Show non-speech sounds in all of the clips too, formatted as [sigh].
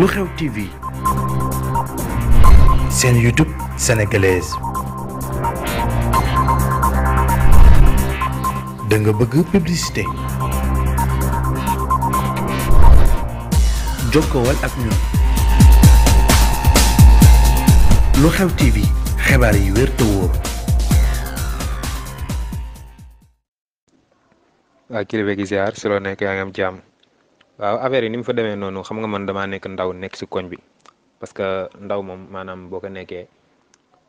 lu xew TV seen YouTube sénégalaise da bëgg publicité jokkowal ak ñun lu xew TV xibaar yi wér te wóor. waa kilifa gi ziar loo nekk yaa ngi am waaw affaire yi ni mu fa demee noonu xam nga man damaa nekk ndaw nekk si koñ bi parce que ndaw moom maanaam boo ko nekkee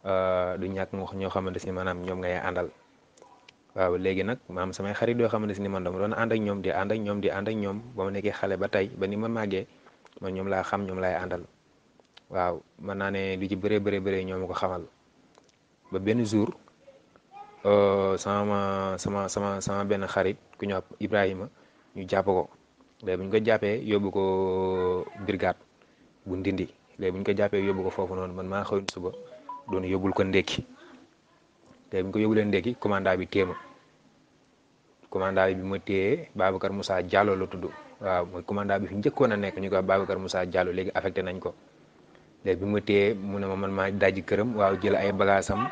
euh, du ñàkk nga wax ñoo xamante si maanaam ñoom ngay àndal waaw léegi nag maam samay xarit yoo xamante ni man dama doon ànd ñoom di ànd ak ñoom di ànd ak ñoom ba ma nekkee xale ba ba ni ma màggee man ñoom laa xam ñoom laay àndal waaw mën naa ne lu ci bëree bëree bëree ñoo ma ko xamal ba benn jour euh, sama sama sama sama benn xarit ku ñu Ibrahima ñu jàpp ko. léegi bu ñu ko jàppee yóbbu ko brigade bu ndindi léegi buñ ñu ko jàppee yóbbu ko foofu noonu man maa xëyoon suba doon yóbbul ko ndékki léegi bu ñu ko yóbbulee ndékki commandant bi téema commandant bi bi ma téyee Babacar Moussa Diallo la tudd mooy commandant bi fi njëkkoon a nekk ñu ko Babacar Moussa Diallo léegi affecté nañ ko léegi bi ma téyee mu ne ma man maa dajji këram waaw jël ay bagages am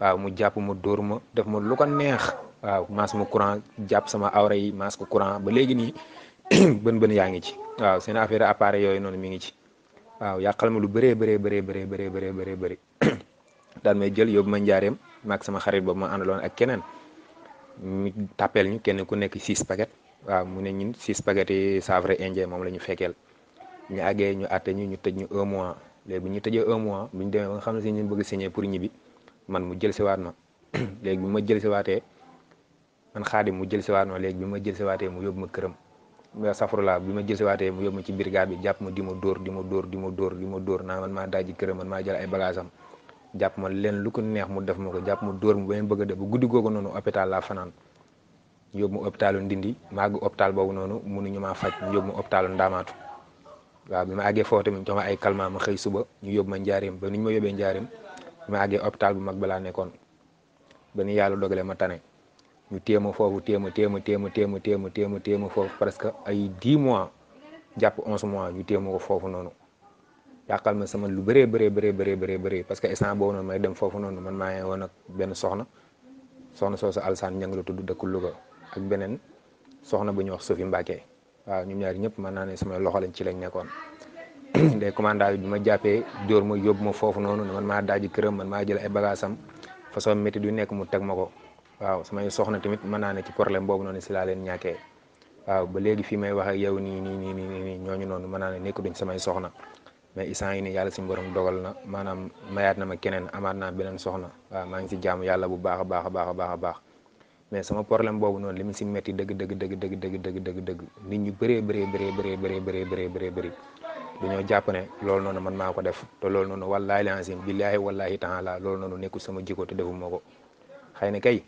waaw mu jàpp ma dóor ma def ma lu ko neex waaw maas ma courant jàpp sama awra yi maas ko courant ba léegi nii [clears throat] bën bën yaa ngi ci waaw seen affaire appareil yooyu noonu mi ngi ci waaw yàqal ma lu bëree bëree bëree bëree bëree bëree bëree bëri [clears throat] daal may jël yóbbu ma njaareem maag sama xarit boobu ma àndaloon ak keneen mi tàppeel ñu kenn ku nekk six paquet waaw mu ne ñun six paquet yi saafara indien moom la ñu fekkeel ñu àggee ñu àtte ñu ñu tëj ñu un mois léegi bu ñu tëjee un mois bu ñu demee ba nga xam ne si ñu bëgg signé pour ñibbi man mu jël si waat ma [clears throat] léegi bi ma jël si waatee man mu jël si waat ma léegi ma jël si waatee mu yóbbu ma këram safrula bi ma jëlsiwaatee mu yóbbu ma ci brigade bi jàpp ma di ma dóor di ma dóor di ma dóor di ma dóor naa man maa dajji këram man maa jël ay bagages am jàpp ma leen lu ko neex mu def ma ko jàpp ma dóor mu ba bëgg a def bu guddi googu noonu hôpital laa fanaan yóbbu ma hôpitalu Ndindi ma àgg hôpital boobu noonu mënuñu maa faj ñu yóbbu ma hôpitalu waaw bi ma àggee foofu tamit jox ma ay xëy suba ñu yóbbu ma njaareem ba ni ñu ma yóbbee njaareem ma àggee hôpital bu mag balaa nekkoon ba ni yàlla dogalee ma tane ñu téema foofu téema téema téema téema téema téema téema foofu presque ay dix mois jàpp onze mois ñu téema ko foofu noonu yàqal ma sama lu bëree bëree bëree bëree bëree bëree parce que instant boobu noonu may dem foofu noonu man maa ngi benn soxna soxna sa Alsaan ñang la tudd dëkk Louga ak beneen soxna bu ñuy wax Sofi Mbacke waaw ñoom ñaar ñëpp mën naa ne samay loxo lañ ci lañ nekkoon [coughs] des commandant yi bi ma jàppee dóor ma yóbbu ma foofu noonu man maa daaji këram man maa jël ay bagaasam façon métti du nekk mu teg ma ko waaw samay soxna tamit mën naa ne ci problème boobu noonu si laa leen ñàkkee waaw ba léegi fii may wax ak yow nii nii nii nii nii ñooñu noonu mën naa ne nekku duñ samay soxna mais isaan yi nii yàlla suñu borom dogal na maanaam mayaat na ma keneen amaat naa beneen soxna waaw maa ngi si jaamu yàlla bu baax a baax a baax a baax a baax mais sama problème boobu noonu li mu si metti dëgg dëgg dëgg dëgg dëgg dëgg dëgg dëgg nit ñu bëree bëree bëree bëree bëree bëree bëree bëree bëri dañoo jàpp ne loolu noonu man maa ko def te loolu noonu wallaahi lancim billaahi wallaahi taala loolu noonu nekkul sama jikko te defu ko xëy na kay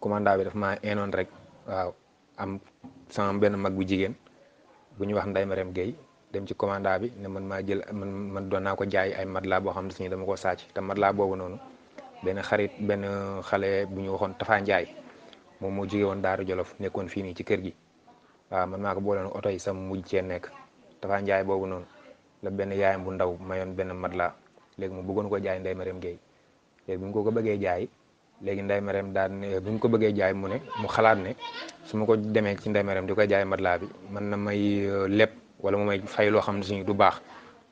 commanda bi daf ma inoon rek waaw am sama benn mag bu jigéen bu ñu wax Ndeye Mariam Guèye dem ci commanda bi ne man maa jël man man doon naa ko jaay ay matelas boo xam ne si dama ko sàcc te matelas boobu noonu benn xarit benn xale bu ñu waxoon Tafa Ndiaye moom moo jige woon Daaru Jolof nekkoon fii nii ci kër gi waaw man maa ko boole woon oto yi sama mujj cee nekk Tafa Ndiaye boobu noonu la benn yaayam bu ndaw mayoon benn matelas léegi mu bëggoon ko jaay Ndeye Mariam Guèye léegi mu ko ko bëggee jaay. léegi nday daal daan bi mu ko bëggee jaay mu ne mu xalaat ne su ma ko demee ci nday mereem di ko jaay matelas bi mën na may euh, lépp wala mu may fay loo xam ne suñu du baax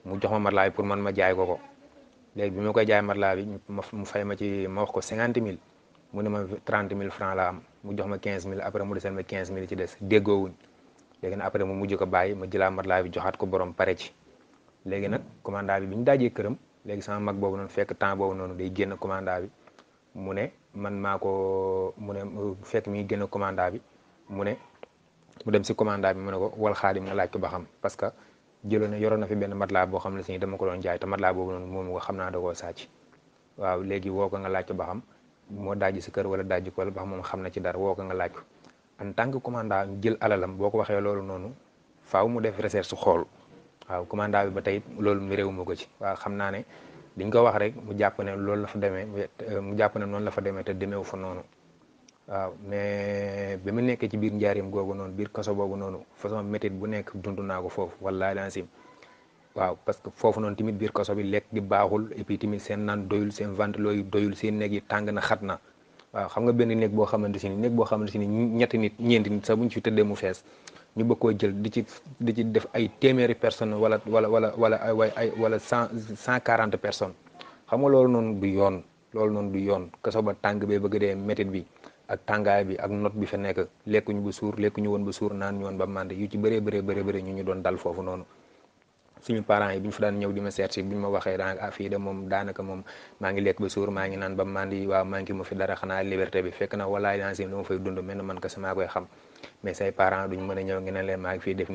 mu jox ma matelas bi man ma jaay ko ko léegi bi ma koy jaay matelas bi mu fay ma ci ma wax ko cinquante mille mu ne ma trente mille franc la am mu jox ma quinze mille après mu desel ma quinze mille ci des déggoowuñ léegi nag après mu mujj ko bàyyi ma jëlaa matelas bi joxaat ko borom pare ci léegi nag commanda bi bi ñu daajee këram léegi sama mag boobu noonu fekk temps boobu noonu day génn commanda bi mu ne man maa ko mu ne fekk mi gën a commanda bi mu ne mu dem si commanda bi mu ne ko wal xaadim nga laaj ko ba xam parce que jëloon na yoroon na fi benn mat laa boo xam ne si dama ko doon jaay te matelas boobu noonu moom nga xam naa da waaw léegi woo ko nga laaj ko ba xam moo daaj si kër wala daaj ko wala ba moom xam na ci dara woo nga laaj ko tant que commanda jël alalam boo ko waxee loolu noonu faaw mu def recherche su xool waaw commanda bi ba tey loolu mi réew ko ci waaw xam naa ne diñ ko wax rek mu jàpp ne loolu la fa demee euh, mu jàpp ne noonu la fa demee te demeewu fa noonu waaw mais bi mu nekkee ci biir njaarim googu noonu biir kaso boobu noonu façon métit bu nekk dund naa ko foofu wallaahi lansim waaw parce que foofu noonu tamit biir kaso bi lekk gi baaxul et puis tamit seen naan doyul seen ventilo yi doyul seen néeg yi tàng na xat na waaw xam nga benn néeg boo xamante si ni néeg boo xamante si nii ñetti nit ñeenti nit sax buñ ci tëddee mu ñu bëgg jël di ci di ci def ay téeméeri personnes wala wala wala wala ay wala cent cent quarante personnes xam nga loolu noonu du yoon loolu noonu du yoon kaso ba tàng bee bëgg dee métit bi ak tàngaay bi ak not bi fa nekk lekkuñu ba suur ñu woon ba suur naan ñu woon ba mànd yu ci bëree bëree bëri bëri ñu ñu doon dal foofu noonu suñu parent yi bu ñu fa daan ñëw di ma seet si bu ñu ma waxee daanaka moom maa ngi lekk ba suur maa ngi naan ba mandi waaw manqué ma fi dara xanaa liberté bi fekk na walaay lancé lu ma fay dund mel na man kese maa koy xam mais say parents a ñëw ngeen ne leen maa ngi fiy def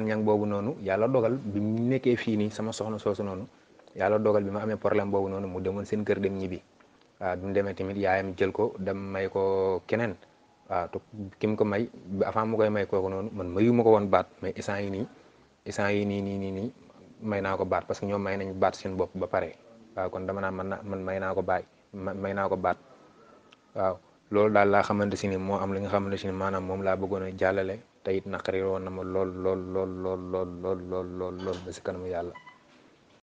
nii noonu yàlla dogal nekkee fii nii sama soxna soosu noonu yàlla dogal bi ma amee problème boobu noonu mu demoon seen kër dem demee tamit yaayam jël ko dem may ko keneen waaw te kim ko may avant mu koy may kooku noonu man mayu ma ko woon baat mais instant yi nii instant yi nii nii nii nii may naa ko baat parce que ñoom may nañu baat seen bopp ba pare kon dama naa man naa man may naa ko baay may naa ko baat waaw loolu daal laa xamante si ni moo am li nga xamante si ni maanaam moom laa bëggoon a jàllale te it naqari woon na ma lool lool lool lool lool ba si kanamu yàlla